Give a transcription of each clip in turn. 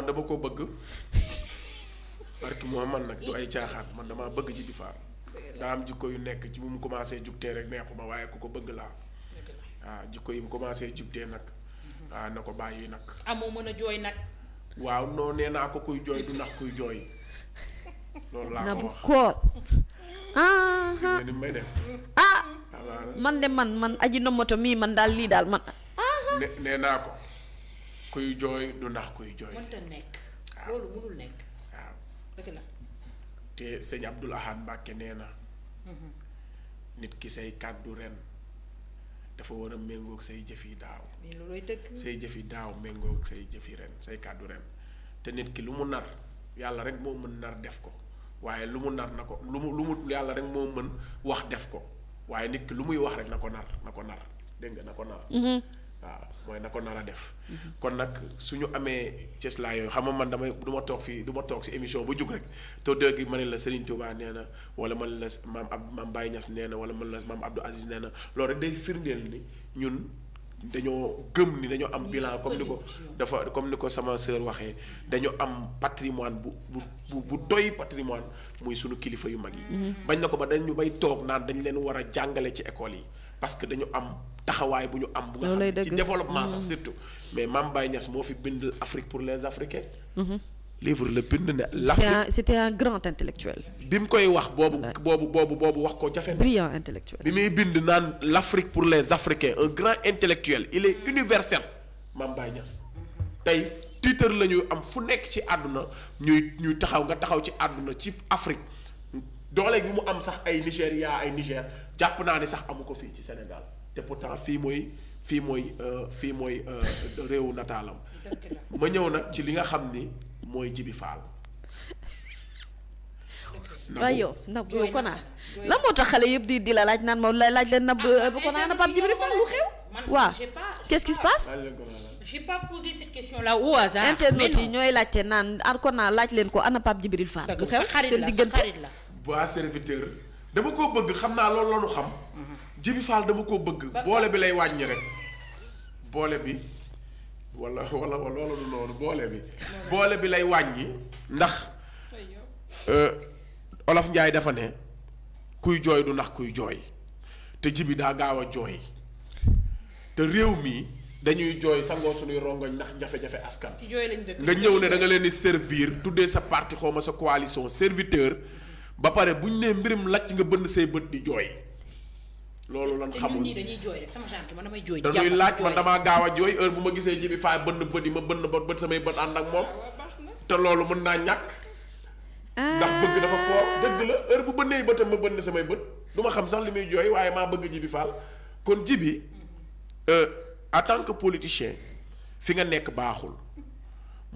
man dama ko bëgg barki moo man nag du ay caaxaan man damaa bëgg Djiby Fall daa am jikko yu nekk ci bu mu commencé jubtee rek ba waaye ku ko bëgg laa waaw jikko yi mu commencé jubtee nag waaw na ko bàyyi nag amoo mën a jooy nag waaw noo nee naa ko kuy jooy du nax kuy jooy loolu laa ko wax ah, man de man man aji nomoto mii man daal lii daal man nee naa ko kuy jooy du ndax kuy jooy. mënta nekk. loolu mënul nekk. waaw dëgg la. te sëñ Abdul Ahad Mbàkke nee na. Mhm. nit ki say kàddu ren dafa war a méngoog say jëf yi daaw. mais loolooy say jëf yi daaw say jëf yi ren say kàddu ren te nit ki lu mu nar yàlla rek moo mën nar def ko waaye lu mu nar na ko lu mu lu mu yàlla rek moo mën wax def ko waaye nit ki lu muy wax rek na ko nar na ko nar dégg na ko nar. Mhm. waaw mooy na ko nar a def. kon nag su ñu amee cëslaa yooyu xam nga man damay duma toog fii du toog si émission bu jug rek te dëgg gi ma ne la Serigne Touba nee na wala man la maam ab maam Baye nee na wala man la maam Abdou Aziz nee na loolu rek firndeel ni ñun dañoo gëm ni dañoo am bilan comme ni ko dafa comme ni ko sama sœur waxee dañoo am patrimoine bu bu bu doy patrimoine muy sunu kilifa yu mag yi. Mm-hmm. bañ na ko ba dañu bay toog naan dañu leen war a jàngale ci école yi. parce que dañu am taxawaay bu ñu am. bu nga xam ci développement sax mm-hmm. mais Mame Baye Niass moo fi bind Afrique pour les Africains. Mm-hmm. livre la bind ne. l'Afrique c'était un grand intellectuel. bi mu koy wax boobu. boobu boobu boobu wax ko jafe na. brillant intellectuel. muy bind naan l'Afrique pour les Africains un grand intellectuel il est universel Mame Baye tey titre la ñuy am fu nekk ci àdduna ñuy ñuy taxaw nga taxaw ci àdduna ci Afrique dooleeg bi mu am sax ay Nigéria ay Niger. jàpp naa ne sax amu ko fii ci senegal te pourtant fii mooy fii mooy euh, fii mooy euh, réewu nataalam ma ñëw nag ci li nga xam ni mooy Jibi Fall waaw yow nab yow konaa lan moo tax xale yëpp di di la laaj naan ma laaj leen nab ah, euh, konaa na Pape Djibril Fall lu xew waaw qu'est-ce qui se passe j'ai pas posé cette question là au hasard internet laaj leen ko ana Pape Djibril Fall lu xew seen diggante waa serviteur dama koo bëgg xam naa loolu la ñu xam. Jibi Fall dama koo bëgg. boole bi lay wàññi rek boole bi wala wala loolu loolu boole bi. boole bi lay wàññi ndax. Euh, Olof Njaay dafa ne kuy jooy du ndax kuy jooy te Jibi daa gaaw a jooy te réew mii dañuy jooy sangoo suñuy rongoñ ndax jafe-jafe askan. ci jooy lañ nga ñëw ne da leen di servir tuddee sa parti xaw ma sa coalition serviteur. ba pare bu ñu nee mbirum làcc nga bënn say bët di jooy. loolu lan xamul te dañuy jooy rek sama genre damay jooy. dañuy laaj man damaa gaaw a jooy heure bu ma gisee jibi faa faay bënn bët yi ma bënn bët bët samay bët ànd ak moom ah, te loolu mën naa ñàkk. ndax bëgg dafa fort dëgg la heure bu bënnee bëtam ma bënn samay bët du ma xam sax li muy jooy waaye maa bëgg ji bi faal kon ji bi euh, en tant que politicien fi nga nekk baaxul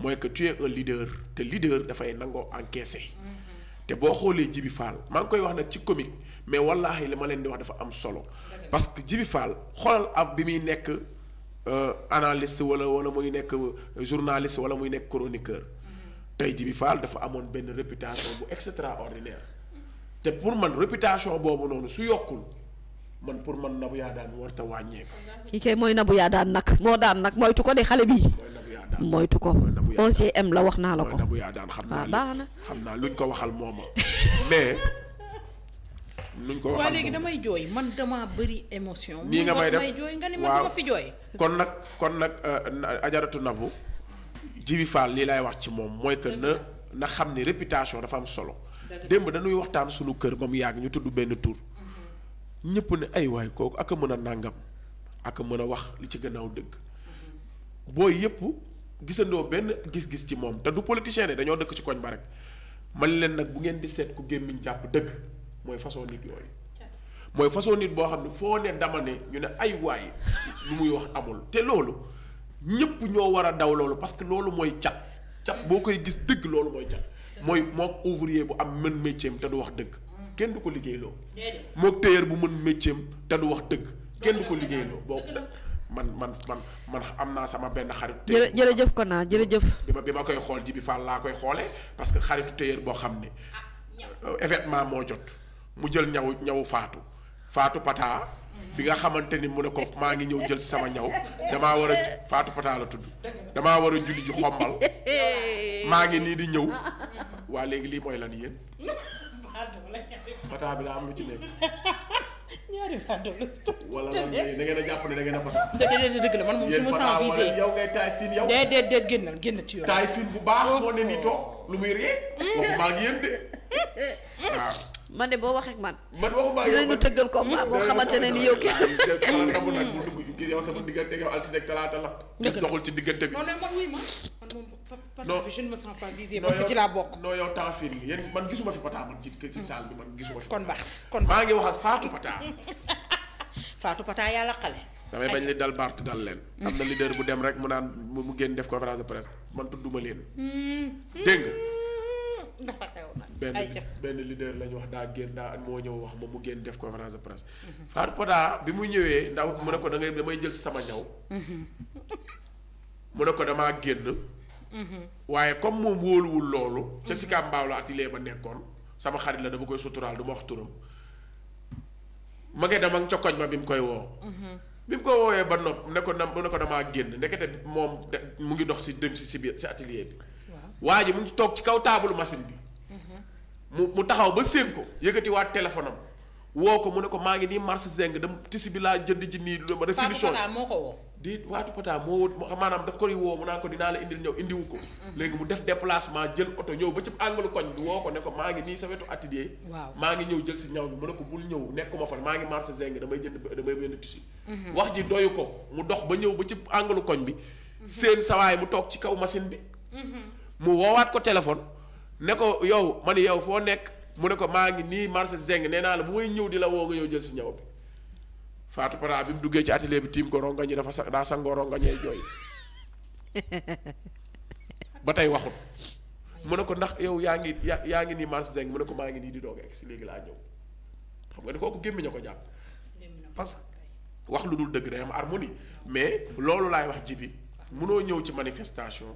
mooy que tu es un leader te leader dafay nangoo encaisser. Mm. te boo xoolee Jibi Fall maa ngi koy wax nag ci comique mais wallaahi li ma leen di wax dafa am solo parce que Jibi Fall xoolal ab bi muy nekk euh, analyste wala wala muy nekk euh, journaliste wala muy nekk chroniqueur mm-hmm. tey Jibi Fall dafa amoon benn réputation bu extraordinaire te pour man réputation boobu noonu su yokkul man pour man Nabou Yadane warta wàññeeku. kii kay mooy yaa daan nag moo daan nag moytu ko de xale bii. moytu ko OGM la wax naa la ko bu yaa xam ah, naa baax na xam naa luñ ko waxal mooma mais ko waxal waa léegi damay jooy man dama bari émotion nii nga may def jooy nga ni ma dama kon nag kon nag euh, ajaratu nabu Jibi Fall lii laay wax ci moom mooy que na na xam ni réputation dafa am solo démb dañuy waxtaan suñu kër ba mu yàgg ñu tudd benn tur mm-hmm. ñëpp ne ay waay kooku ak mën a nàngam ak mën a wax li ci gannaaw dëgg mm-hmm. booy yëpp gisandoo benn gis-gis ci moom te du politicien dañoo dëkk ci koñ ba rek man leen nag bu ngeen di seet ku gémmiñ jàpp dëgg mooy façon nit mooy façon nit boo xam ne foo ne dama ne ñu ne ay waay lu muy wax amul te loolu ñëpp ñoo war a daw loolu parce que loolu mooy cat cat boo koy gis dëgg loolu mooy cat mooy mook ouvrier bu am mën métier te du wax dëgg kenn du ko liggéeyloo mook téyeur bu mën métier te du wax dëgg kenn ko liggéeyloo boo man man man man am naa sama benn xaritu. téyeer jërëjëf kon naa jërëjëf. bi ma bi ma koy xool ji bi Fall laa koy xoolee parce que xaritu téyeer boo xam ne ah, euh, événement moo jot mu jël ñaw ñawu faatu faatu pata bi nga xamante ni mu ne ko maa ngi ñëw jël sama ñaw damaa war a faatu pata la tudd damaa war a julli ji xombal maa ngi nii di ñëw waa léegi lii mooy lan yéen. pata bi daa am lu ci nekk. ñaari da a jàpp a pata. déedéet man moom ma oh. ne ni toog lu muy ree. man de boo wax man. man waxu maa ngi dinañu tëggal ma boo xamante ne ni yow kenn. xanaa ndamu nag talaata la. dëgg la doxul ci diggante bi. non bi je ne me sens pas visée. parce ci laa bokk non yow temps fii man gisuma fi Pata man ci kër si saal bi man gisuma fi. kon baax kon maa ngi wax ak Fatou Pata. Fatou Pata yàlla xale. bañ li dal Bart dal leen. am na leader bu dem rek mu naan mu génn def conférence de presse man tudduma leen. Hmm. dégg nga. Hmm. dafa xew nag benn benn wax daa génn daa moo ñëw wax moom mu génn def conférence de presse. Hmm. Fatou bi mu ñëwee ndaw mu ne ko da damay jël si sama ñaw. mu ne ko damaa génn. waaye comme moom wóoluwul loolu. ca si kàmbaaw la atelier ba nekkoon sama xarit la dama koy suturaal du ma wax turam ma ngi dem ak ma bi mu koy woo. bi mu ko woowee ba nopp ne ko na ne ko damaa génn ndekete moom mu ngi dox si dem si si biir si atelier bi. waa ji mu ngi toog ci kaw taabalu machine bi. mu mu taxaw ba séen ko yëkkatiwaat téléphone am woo ko mu ne ko maa ngi nii marché zeng dem tisi bi laa jënd ji nii lu ma. def finition moo ko woo. di waatu pata moo wut maanaam daf koy woo mu a ko dinaa la indil ñëw indiwu ko. Mhm. léegi mu def déplacement jël oto ñëw ba ci àngalu koñ bi woo ko ne ko maa ngi nii sa wetu atelier. waaw maa ñëw jël si ñaw bi mu ne ko bul ñëw nekkuma fa maa ngi marché zeng damay jënd damay benn tissu. Mhm. wax ji doyu ko mu dox ba ñëw ba ci àngalu koñ bi. Mhm. seen sawaay mu toog ci kaw machine bi. mu wowaat ko téléphone ne ko yow man yow foo nekk mu ne ko maa ngi nii marché zeng nee naa la bu may ñëw di la woo nga ñëw jël si ñaw bi. Fatou Para bi mu duggee ci atelier bi tiim ko ronga ñi dafa sa daa sangoo ronga ñee jooy ba tey waxut mu ne ko ndax yow yaa ngi yaa ngi nii mars zeng mu ne ko maa ngi nii di doog si léegi laa ñëw xam nga ni kooku gémmiñ a ko jàpp parce que wax lu dul dëgg day am harmonie mais loolu laay wax ji bi mënoo ñëw ci manifestation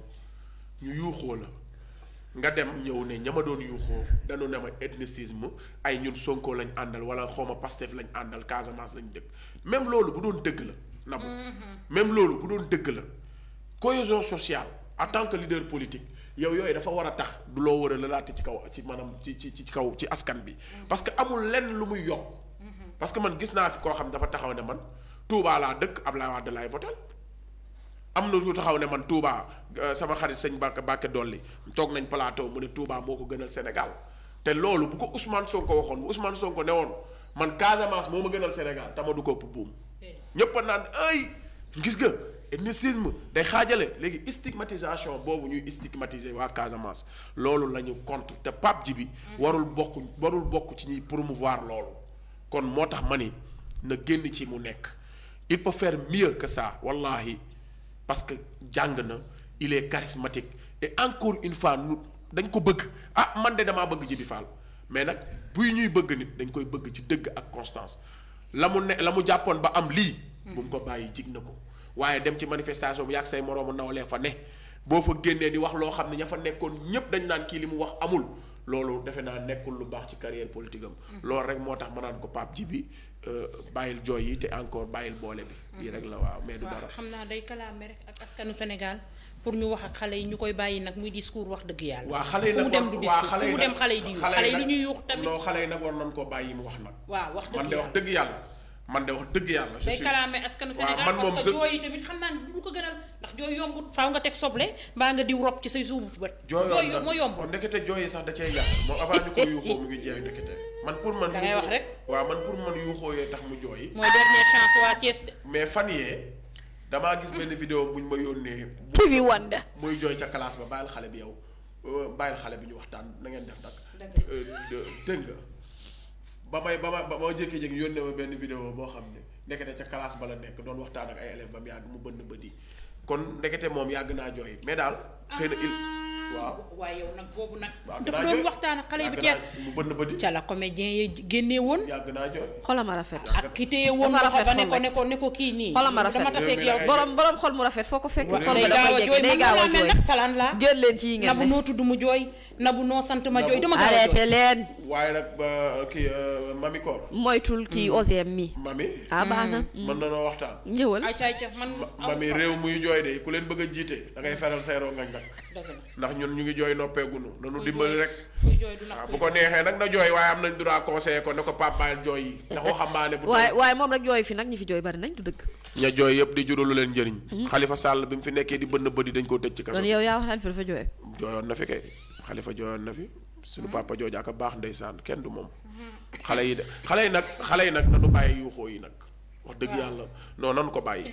ñu yuuxoo la nga dem ñëw ne ñama doon yuuxoo dañu ne ma ethnicisme ay ñun Sonko lañ àndal wala xawma Pastef lañ àndal Casamance lañu dëkk même loolu bu doon dëgg la nabu mm-hmm. même loolu bu doon la cohésion sociale en tant que leader politique yow yooyu dafa war a tax du loo war a lalaate ci kaw ci maanaam ci ci ci kaw ci askan bi mm-hmm. parce que amul lenn lu muy yokk mm-hmm. parce que man gis naa fi koo xam dafa taxaw ne man Touba laa dëkk Ablaye Wade laay votel am na ku taxaw ne man Touba euh, sama xarit sëñ bàkk bàkk Dolli toog nañ plateau mu ne Touba moo ko gënal Sénégal te loolu bu ko Ousmane ko waxoon bu Ousmane ko ne woon man Casamance moo ma gënal Sénégal tama du ko ëpp buum eh. ñëpp a naan ay gis nga ethnicisme day xaajale léegi stigmatisation boobu ñuy stigmatiser waa Casamance loolu la ñu contre te Pape bi mm-hmm. warul bokk warul bokk ci ñuy promouvoir loolu kon moo tax ma ni na génn ci mu nekk il peut faire mieux que ça wallahi parce que jàng na il est charismatique et encore une fois dañ ko bëgg ah man de damaa bëgg Djibi Fall mais nag buy ñuy bëgg nit dañ koy bëgg ci dëgg ak constance la mu ne la mu jàppoon ba am lii. bu mu ko bàyyi jig na ko. waaye dem ci manifestation bi yàgg say moroomu nawlee fa ne boo fa génnee di wax loo xam ne ña fa nekkoon ñépp dañ naan kii li mu wax amul. loolu defe naa nekkul lu baax ci carrière politique am. Mm-hmm. loolu rek moo tax ma naan ko Pape Djibi euh, bàyyil jooy yi te encore bàyyil boole bi. Mm-hmm. lii rek la waaw mee du dara. xam naa day kalaame rek ak askanu Sénégal pour ñu wax ak xale yi ñu koy bàyyi nag muy discours wax dëgg yàlla. waa xale yi nag dem du discours fu mu dem xale yi di yuux xale yi lu ñu yuux tamit. non xale yi nag war nañ koo bàyyi mu wax nag. waa wax dëgg yàlla wax dëgg yàlla. man de wax dëgg yàlla. je suis kalaame askanu Sénégal parce que jooy yi tamit xam naa ne du ko gënal ndax jooy yombut faaw nga teg soble mbaa nga diw rob ci say suuf bët. jooy moo yomb oh, da cay yàq moom avant ñu ko yuuxoo mu ngi jeex ndekete. man pour man da ngay wax rek. waaw man pour man yuuxoo yee tax mu jooy. mooy dernière chance waa Thiès de. mais fan yee damaa gis benn vidéo buñ ma yónnee. TV Wanda. muy ba bàyyil xale bi yow euh, bàyyil xale bi ñu waxtaan na ngeen def nag. dëgg euh, nga ba may ba ma ba ma jékki-jékki yónnee ma benn vidéo boo xam ne ndekete ca classe ba la nekk doon waxtaan ak ay élèves ba mu yàgg mu bënn bëdi kon ndekete moom yàgg naa jooy mais daal ah, il waaw waaye yow nag boobu nag. dafa doon waxtaan ak xale yi bi teel. ca la comédien yi génnee woon. xolama rafet. ak ki téye woon loxo ba ne ko ne ko ne ko kii nii. xolama rafet dama tase ak yow borom borom xol mu rafet foo ko fekk. xol mu a jooy laa. jël leen ci yi ngeen ne nabu noo tudd mu jooy. nabu noo sant ma jooy dama gaaw a jooy arrêté leen. waaye nag ba kii euh, mami Koor. moytul kii OGM hmm. mi. mami. ah baax na. Hmm. mën nanoo waxtaan. ñëwal ayca ayca man. mami réew muy jooy de ku leen bëgg a jiite da ngay feral say rongañ nag. ñun ñu ngi jooy noppeegunu nanu dimbali rek waaw bu ko neexee nag na jooy waaye am nañ droit conseiller ko ne ko pap bàyyil jooy yi ndax fi nag ñi fi jooy bari nañ du dëgg ña jooy yëpp di juralu leen njëriñ hmm? xalifa sàll bi di bënn bëdi dañ koo tëj ci kaso yow yaa wax xalifa dafa jooy jooyoon na fi hmm? du moom hmm? xale yi de xale yi nag xale yi nag nanu bàyyi yuuxoo yi nag wax dëgg yàlla non nanu ko bàyyi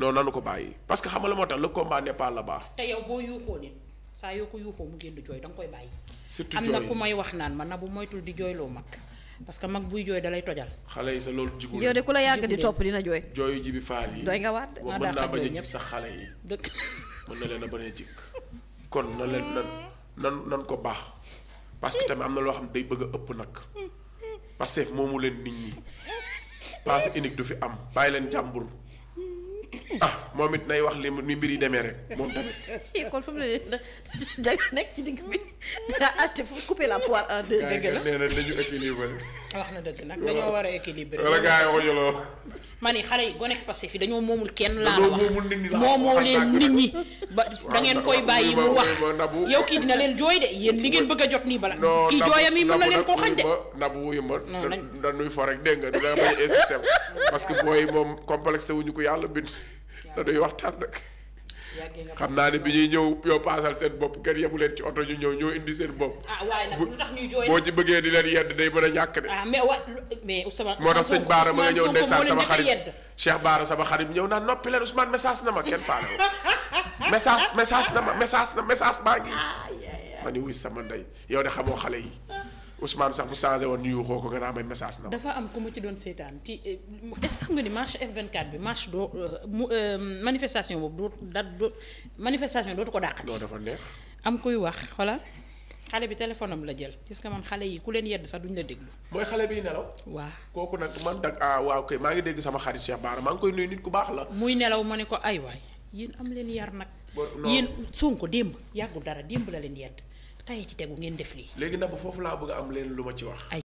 non nanu ko bàyyi parce que xam nga la moo tax le combat n'est pas là-bas te yow boo saa yoo ko yuuxoo mu génn jooy da nga koy bàyyi. surtout am na ku may wax naan ma na bu moytul di jooyloo mag parce que mag buy jooy dalay tojal. xale yi sa loolu jigul yow de di topp dina jooy. jooyu jibi faal yi doy nga waat de. mën naa bañ a jig sax xale yi. dëkk mën na leen a ba a jig kon na leen nan nan nan ko baax parce que tamit am na loo xam ne day bëgg a ëpp nag parce que moomu leen nit ñi passe unique du fi am bàyyi leen jàmbur. ah moom it nay wax li ni mbir yi demee rek moom tamit. kon fu mu ne nekk ci digg bi daa ah, àtte fu couper la poire en deux. dëgg la nee na dañu équilibré. wax na dëgg nag dañoo war a équilibré. wala gars yi xojoloo. ma ni xale yi gonek passé fi dañoo moomul kenn laa la wax ba da ngeen koy bàyyi mu wax yow kii dina leen jooy de bëgg a jot nii bala kii jooyam koo xañ de nabu wuyu ma dañuy fo rek dégg nga dina bañ a que booy moom complexe wuñu ko yàlla bind dañuy waxtaan nag. xam naa ne bi ñuy ñëw yow paasal seen bopp kenn yemu leen ci oto ñu ñëw ñoo indi seen bopp. ah waaye nag lu tax ñuy jooy boo ci bëggee di leen yedd day mën a ñàkk de. ah mais wa mais Ousmane. moo tax sëñ Baara ma nga ñëw ndeysaan sama xarit Cheikh Baara sama xarit ñëw naan noppi leen Ousmane message na ma kenn faale message message na ma message na message baa ngi. ma ni wuy sama ndey yow de xamoo xale yi. Ousmane sax bu changé woon ñu yuuxoo ko gën a amay message na dafa am ku mu ci doon seetaan ci eh, est-ce que xam nga ni marche F24 bi marche doo euh, euh, manifestation boobu doo da doo manifestation dootu ko dàqati. doo dafa neex am kuy wax voilà xale bi téléphone am la jël gis man xale yi ku leen yedd sax duñu la déglu. mooy xale biy nelaw. waa kooku nag man dag ah waaw kay maa ngi dégg sama xarit Cheikh Bara maa ngi koy nuyu nit ku baax la. muy nelaw ma ne ko ay waay yéen am leen yar nag. yéen Sonko démb yàggul dara démb la leen yedd tey ci tegu ngeen def lii. léegi nag foofu laa bëgg am leen lu ma ci wax.